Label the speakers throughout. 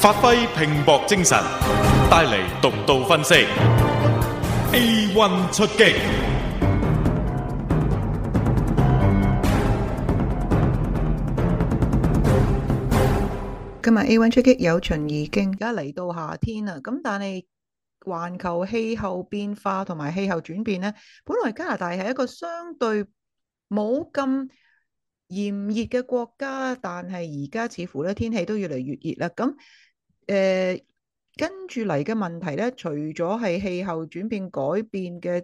Speaker 1: 發揮拼搏精神，帶嚟獨到分析。
Speaker 2: A one 出擊，
Speaker 1: 今日 A one 出擊有秦怡經。而家嚟到夏天啦，咁但係環球氣候變化同埋氣候轉變咧，本來加拿大係一個相對冇咁炎熱嘅國家，但係而家似乎咧天氣都越嚟越熱啦，咁。誒、呃，跟住嚟嘅問題咧，除咗係氣候轉變改變嘅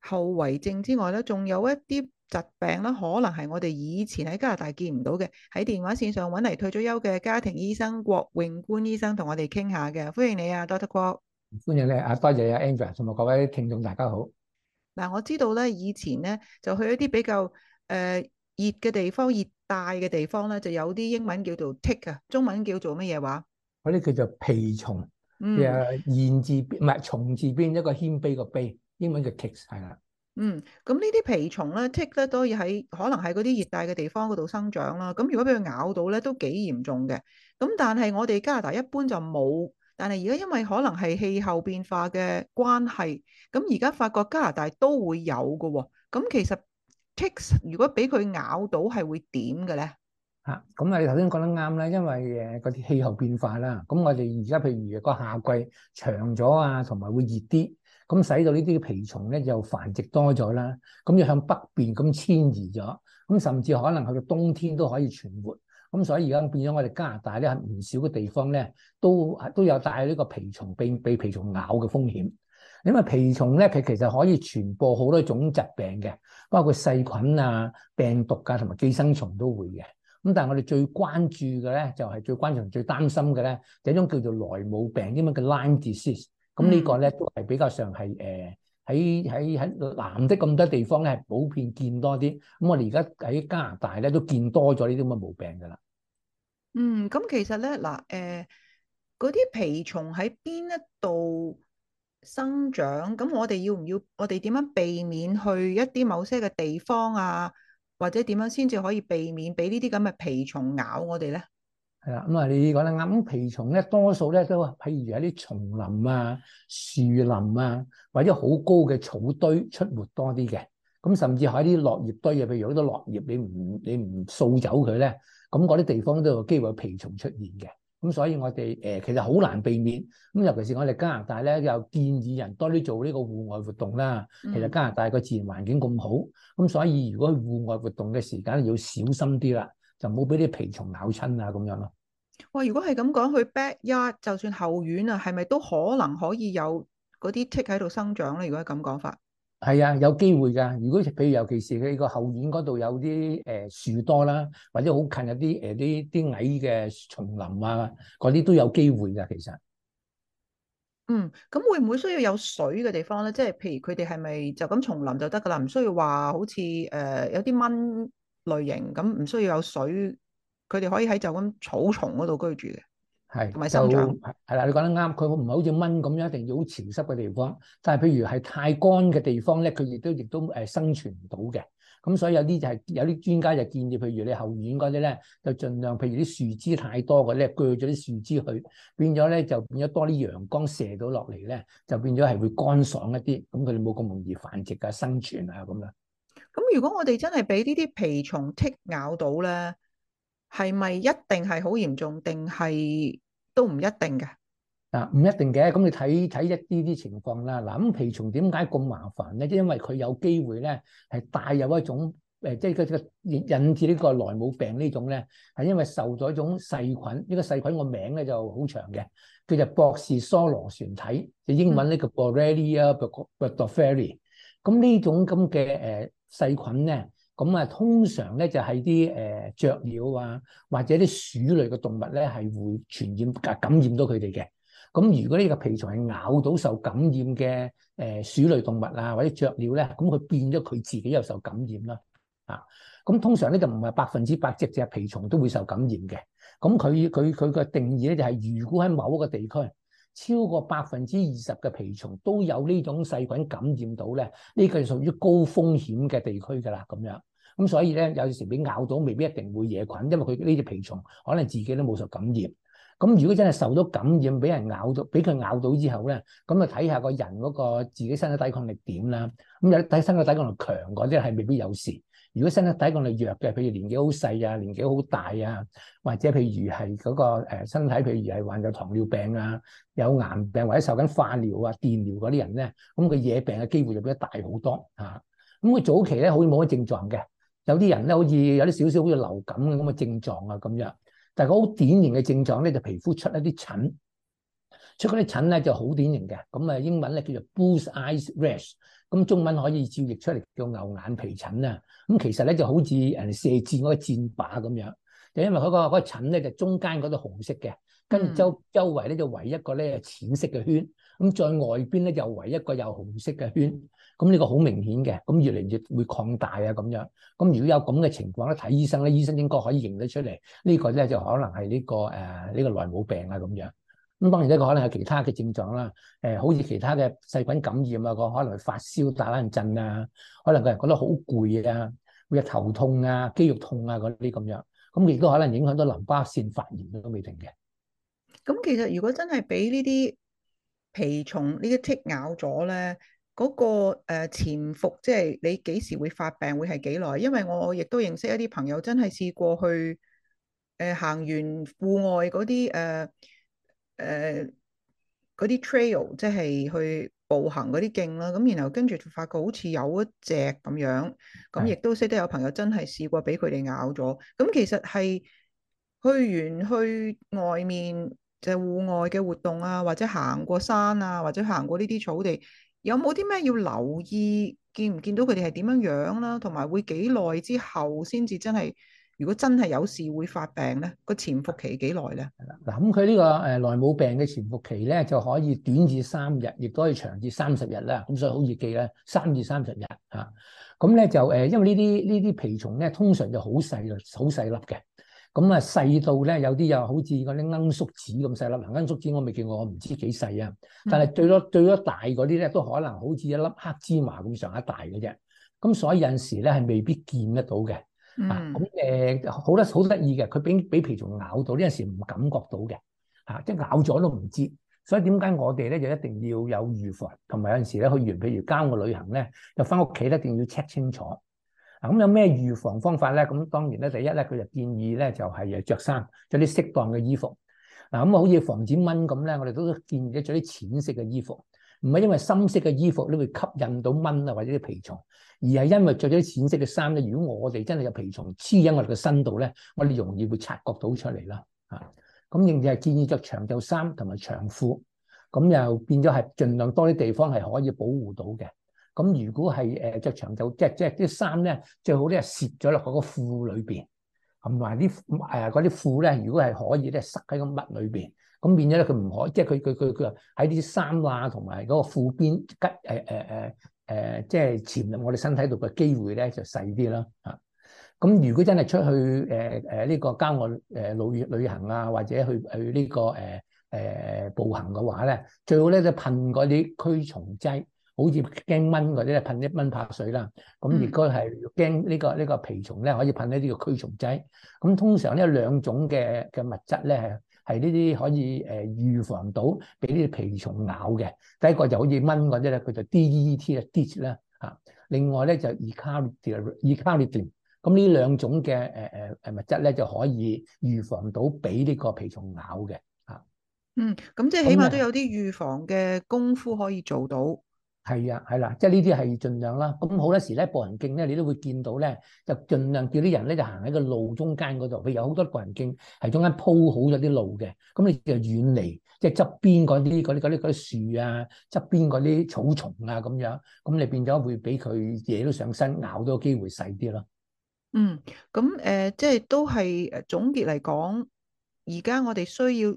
Speaker 1: 後遺症之外咧，仲有一啲疾病咧，可能係我哋以前喺加拿大見唔到嘅。喺電話線上揾嚟退咗休嘅家庭醫生郭永官醫生同我哋傾下嘅，歡迎你啊，Doctor 郭，
Speaker 2: 歡迎你啊，多謝啊，Angela，同埋各位聽眾大家好。
Speaker 1: 嗱、呃，我知道咧，以前咧就去一啲比較誒熱嘅地方、熱帶嘅地方咧，就有啲
Speaker 2: 英文叫做 tick 啊，中文叫做乜嘢話？嗰啲叫做蜱蟲，啊、嗯，言字邊唔係虫字邊一個謙卑個卑，英文叫 ticks 係啦。嗯，
Speaker 1: 咁呢啲蜱蟲咧，ticks 咧，可以喺可能喺嗰啲熱帶嘅地方嗰度生長啦。咁如果俾佢咬到咧，都幾嚴重嘅。咁但係我哋加拿大一般就冇，但係而家因為可能係氣候變化嘅關係，咁而家發覺加拿大都會有嘅、哦。咁其實 ticks 如果俾佢咬到是怎樣的呢，係會點嘅咧？
Speaker 2: 咁啊，你頭先講得啱啦，因為誒嗰啲氣候變化啦，咁我哋而家譬如個夏季長咗啊，同埋會熱啲，咁使到呢啲蜱蟲咧又繁殖多咗啦，咁就向北邊咁遷移咗，咁甚至可能去到冬天都可以存活，咁所以而家變咗我哋加拿大咧，唔少嘅地方咧都都有帶呢個蜱蟲被被蜱蟲咬嘅風險，因為蜱蟲咧佢其實可以傳播好多種疾病嘅，包括細菌啊、病毒啊同埋寄生蟲都會嘅。咁但係我哋最關注嘅咧，就係最關心、最擔心嘅咧，就一種叫做萊姆病啲咁嘅 Lyme disease。咁呢個咧都係比較上係誒喺喺喺南的咁多地方咧，係普遍見多啲。咁我哋而家喺加拿大咧都見多咗呢啲咁嘅毛病㗎啦。
Speaker 1: 嗯，咁其實咧嗱誒，嗰啲皮蟲喺邊一度生長？咁我哋要唔要？我哋點樣避免去一啲某些嘅地方啊？或者點樣先至可以避免俾呢啲咁嘅蜱蟲咬我哋咧？
Speaker 2: 係啦，咁啊，你講得啱。咁蜱蟲咧，多數咧都，譬如喺啲叢林啊、樹林啊，或者好高嘅草堆出沒多啲嘅。咁甚至喺啲落葉堆，譬如有啲落葉，你唔你唔掃走佢咧，咁嗰啲地方都有機會有蜱蟲出現嘅。咁所以我哋誒其實好難避免，咁尤其是我哋加拿大咧，又建議人多啲做呢個戶外活動啦。其實加拿大個自然環境咁好，咁所以如果戶外活動嘅時間要小心啲啦，就唔好俾啲蜱蟲咬親啊咁樣咯。
Speaker 1: 哇！如果係咁講，去 backyard 就算後院啊，係咪都可能可以有嗰啲 tick 喺度生長咧？如果係咁講法。
Speaker 2: 係啊，有機會噶。如果譬如尤其是佢個後院嗰度有啲誒樹多啦，或者好近有啲誒啲啲矮嘅叢林啊，嗰啲都有機會噶。其實，
Speaker 1: 嗯，咁會唔會需要有水嘅地方咧？即係譬如佢哋係咪就咁叢林就得噶啦？唔需要話好似誒、呃、有啲蚊類型咁，唔需要有水，佢哋可以喺就咁草叢嗰度居住嘅。係，就
Speaker 2: 係啦。你講得啱，佢唔係好似蚊咁樣，一定要好潮濕嘅地方。但係譬如係太乾嘅地方咧，佢亦都亦都誒生存唔到嘅。咁所以有啲就係、係、有啲專家就建議，譬如你後院嗰啲咧，就儘量譬如啲樹枝太多嘅咧，鋸咗啲樹枝去，變咗咧就變咗多啲陽光射到落嚟咧，就變咗係會乾爽一啲。咁佢哋冇咁容易繁殖啊、生存啊咁樣。
Speaker 1: 咁如果我哋真係俾呢啲皮蟲剔咬，咬到咧，係咪一
Speaker 2: 定係好嚴重定係？都唔一定嘅嗱，唔一定嘅。咁你睇睇一啲啲情況啦。嗱，咁皮蟲點解咁麻煩咧？即係因為佢有機會咧係帶有一種誒，即係佢個引致呢個萊姆病呢種咧，係因為受咗一種細菌。呢個細菌個名咧就好長嘅，叫做博士梭羅旋體。就英文呢個 Borrelia burgdorferi。咁呢種咁嘅誒細菌咧。咁啊，通常咧就係啲誒雀鳥啊，或者啲鼠類嘅動物咧，係會傳染感染到佢哋嘅。咁如果呢個蜱蟲係咬到受感染嘅誒鼠類動物啊，或者雀鳥咧，咁佢變咗佢自己又受感染啦。啊，咁通常咧就唔係百分之百隻隻蜱蟲都會受感染嘅。咁佢佢佢嘅定義咧就係，如果喺某一個地區超過百分之二十嘅蜱蟲都有呢種細菌感染到咧，呢個係屬於高風險嘅地區㗎啦。咁樣咁所以咧，有時俾咬到未必一定會惹菌，因為佢呢隻蜱蟲可能自己都冇受感染。咁如果真係受咗感染，俾人咬到，俾佢咬到之後咧，咁啊睇下個人嗰個自己身體抵抗力點啦。咁有睇身體抵抗力強嗰啲係未必有事，如果身體抵抗力弱嘅，譬如年紀好細啊、年紀好大啊，或者譬如係嗰個身體，譬如係患有糖尿病啊、有癌病或者受緊化療啊、電療嗰啲人咧，咁佢惹病嘅機會就比較大好多嚇。咁佢早期咧，好似冇乜症狀嘅，有啲人咧，好似有啲少少好似流感咁嘅症狀啊咁樣，但係佢好典型嘅症狀咧就是、皮膚出一啲疹，出嗰啲疹咧就好典型嘅，咁啊英文咧叫做 bull's eye rash。咁中文可以照譯出嚟叫牛眼皮疹啊！咁其實咧就好似誒射箭嗰個箭靶咁樣，就因為佢、嗰個、嗰個疹咧就中間嗰度紅色嘅，跟住周周圍咧就圍一個咧淺色嘅圈，咁在外邊咧又圍一個又紅色嘅圈，咁呢個好明顯嘅，咁越嚟越會擴大啊咁樣。咁如果有咁嘅情況咧，睇醫生咧，醫生應該可以認得出嚟，呢個、呢個咧就可能係呢、呢個呢、呃呢個內冇病啦、啊、咁樣。咁當然咧，呢個可能係其他嘅症狀啦。誒，好似其他嘅細菌感染啊，佢可能發燒、打冷震啊，可能個人覺得好攰啊，會有頭痛啊、肌肉痛啊嗰啲咁樣。咁亦都可能影響到淋巴腺發炎都未停嘅。
Speaker 1: 咁其實如果真係俾呢啲蜱蟲呢啲 tick 咬咗咧，嗰個誒潛伏即係你幾時會發病，會係幾耐？因為我亦都認識一啲朋友，真係試過去誒行完戶外嗰啲誒。誒、呃，嗰啲 trail 即係去步行嗰啲徑啦，咁然後跟住就發覺好似有一隻咁樣，咁亦都識得有朋友真係試過俾佢哋咬咗。咁其實係去完去外面就係、戶外嘅活動啊，或者行過山啊，或者行過呢啲草地，有冇啲咩要留意？見唔見到佢哋係點樣樣啦？同埋會幾耐之後先至真係？如果真係有事會發病咧，個
Speaker 2: 潛伏期幾耐咧？係啦，嗱，咁佢呢個誒萊姆病嘅潛伏期咧，就可以短至三日，亦都可以長至三十日啦。咁所以好易記啦，三至三十日嚇。咁、啊、咧就誒，因為呢啲呢啲蜱蟲咧，通常就好細㗎，好細粒嘅。咁啊細到咧，有啲又好似嗰啲罌粟子咁細粒。罌粟子我未見過，我唔知幾細啊。但係最多最多大嗰啲咧，都可能好似一粒黑芝麻咁上下大嘅啫。咁所以有時咧係未必見得到嘅。啊、嗯，咁誒，好得好得意嘅，佢俾俾皮蟲咬到呢，陣時唔感覺到嘅吓，即係咬咗都唔知。所以點解我哋咧就一定要有預防，同埋有陣時咧去完，譬如郊外旅行咧，就翻屋企一定要 check 清楚。嗱，咁有咩預防方法咧？咁當然咧，第一咧，佢就建議咧就係着衫着啲適當嘅衣服嗱，咁啊，好似防止蚊咁咧，我哋都建議着啲淺色嘅衣服。唔係因為深色嘅衣服你會吸引到蚊啊，或者啲皮蟲，而係因為着咗啲淺色嘅衫咧。如果我哋真係有皮蟲黐喺我哋個身度咧，我哋容易會察覺到出嚟啦。嚇、嗯，咁因此係建議着長袖衫同埋長褲，咁又變咗係盡量多啲地方係可以保護到嘅。咁、嗯、如果係誒著長袖，即係即係啲衫咧，最好咧攝咗落個褲裏面、呃、褲裏邊，同埋啲誒啲褲咧，如果係可以咧，塞喺個襪裏邊。咁變咗咧，佢唔可，呃呃呃、即係佢佢佢佢喺啲衫喇同埋嗰個褲邊吉，即係潛入我哋身體度嘅機會咧就細啲啦吓。咁如果真係出去呢、呃呢個郊外誒路旅行啊，或者去去、呢個呃呃、呢個誒步行嘅話咧，最好咧就噴嗰啲驅蟲劑，好似驚蚊嗰啲咧噴啲蚊拍水啦。咁亦果係驚呢個呢、呢個皮蟲咧，可以噴呢啲嘅驅蟲劑。咁通常呢，兩種嘅嘅物質咧。係呢啲可以誒預防到俾呢啲蜱蟲咬嘅，第一個就好似蚊嗰啲咧，佢就 DET 啦，ditch 啦嚇。另外咧就 E. 乙卡列定，乙卡列定。咁呢兩種嘅誒誒誒物質咧就可以預防到俾呢個蜱蟲咬嘅嚇。
Speaker 1: 嗯，咁即係起碼都有
Speaker 2: 啲預防嘅功夫可以做到。嗯係啊，係啦，即係呢啲係盡量啦。咁好多時咧，步行徑咧，你都會見到咧，就盡量叫啲人咧就行喺個路中間嗰度。譬如有好多步行徑係中間鋪好咗啲路嘅，咁你就遠離，即係側邊嗰啲嗰啲嗰啲嗰啲樹啊，側邊嗰啲草叢啊咁樣，咁你變咗會俾佢嘢，都上身咬到機會細啲咯。
Speaker 1: 嗯，咁誒、呃，即係都係誒，總結嚟講，而家我哋需要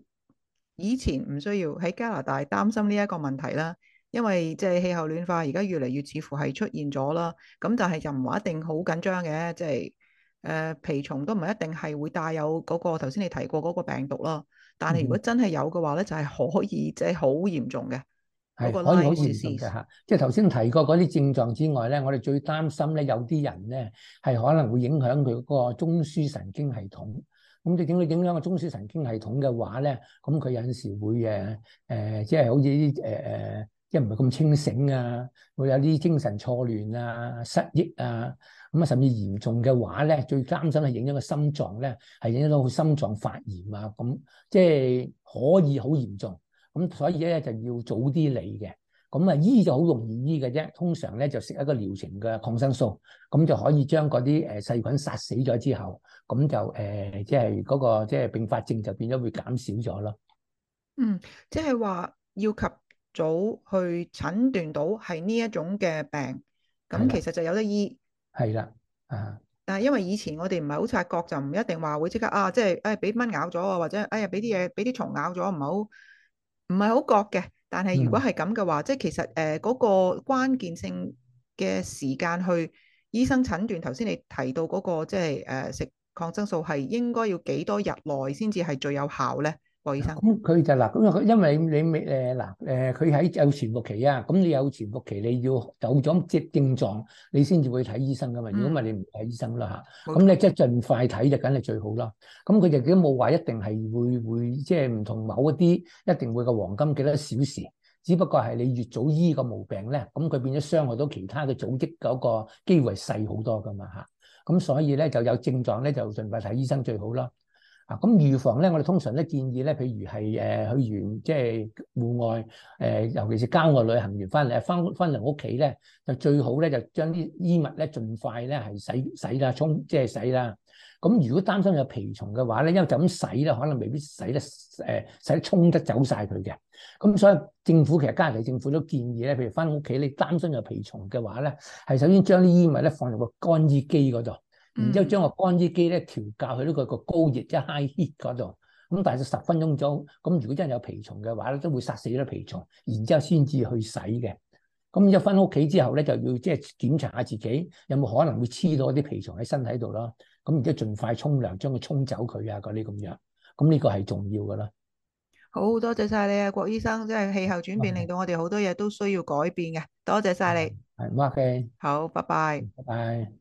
Speaker 1: 以前唔需要喺加拿大擔心呢一個問題啦。因為即係氣候暖化，而家越嚟越似乎係出現咗啦。咁但係就唔話一定好緊張嘅，即係誒，蜱蟲都唔係一定係會帶有嗰、那個頭先你提過嗰個病毒啦。但係如果真係有嘅話咧，就係、是、可以即係好嚴重嘅嗰、那個 Lyme disease。
Speaker 2: 即係頭先提過嗰啲症狀之外咧，我哋最擔心咧，有啲人咧係可能會影響佢嗰個中樞神經系統。咁即係點樣點樣影響中樞神經系統嘅話咧，咁佢有陣時候會誒誒，即、呃、係、就是、好似啲誒誒。呃即係唔係咁清醒啊，會有啲精神錯亂啊、失憶啊，咁啊甚至嚴重嘅話咧，最擔心係影響到個心臟咧，係影響到心臟發炎啊，咁即係可以好嚴重。咁所以咧就要早啲嚟嘅。咁啊醫就好容易醫嘅啫，通常咧就食一個療程嘅抗生素，咁就可以將嗰啲誒細菌殺死咗之後，咁就誒即係嗰個即係併發症就變咗會減少咗咯。嗯，
Speaker 1: 即係話要及早去診斷到係呢一種嘅病，咁其實就有得醫。
Speaker 2: 係啦、啊，
Speaker 1: 但係因為以前我哋唔係好察覺，就唔一定話會即刻啊，即係誒俾蚊咬咗啊，或者哎呀俾啲嘢俾啲蟲咬咗，唔係好唔係好覺嘅。但係如果係咁嘅話，嗯、即係其實誒嗰、呃嗰個關鍵性嘅時間去醫生診斷。頭先你提到嗰、嗰個即係誒、呃、食抗生素係應該要幾多日內
Speaker 2: 先至係最有效咧？咁佢就嗱，咁佢因為你未誒嗱誒，佢喺有潛伏期啊，咁你有潛伏期，你要有咗啲症狀，你先至會睇醫生噶嘛。如果唔係你唔睇醫生啦嚇，咁你即係儘快睇就梗係最好啦。咁佢亦都冇話一定係會會即係唔同某一啲一定會個黃金幾多小時，只不過係你越早醫個毛病咧，咁佢變咗傷害到其他嘅組織嗰個機會細好多噶嘛嚇。咁所以咧就有症狀咧就儘快睇醫生最好咯。啊，咁預防咧，我哋通常咧建議咧，譬如係誒去完即係戶外誒、呃，尤其是郊外旅行完翻嚟，翻翻嚟屋企咧，就最好咧就將啲衣物咧盡快咧係洗洗啦、沖即係洗啦。咁如果擔心有皮蟲嘅話咧，因為就咁洗咧，可能未必洗得誒洗沖得，洗得，洗得，洗得走晒佢嘅。咁所以政府其實家庭政府都建議咧，譬如翻屋企你擔心有皮蟲嘅話咧，係首先將啲衣物咧放入個乾衣機嗰度。然之後將個乾衣機咧調教去呢個個高熱即係 high heat 嗰度，咁、就是、大約十分鐘左右。咁如果真係有皮蟲嘅話咧，都會殺死咗皮蟲。然後去洗的之後先至去洗嘅。咁一返屋企之後咧，就要即係檢查下自己有冇可能會黐到啲皮蟲喺身體度囉。咁然之後盡快沖涼，將佢沖走佢啊嗰啲咁樣。咁呢個係重要㗎啦。
Speaker 1: 好多謝晒你啊，郭醫生。即係氣候轉變令到我哋好多嘢都需要改變嘅、嗯。多謝晒你。
Speaker 2: 係、嗯，唔該。好，拜拜。拜拜。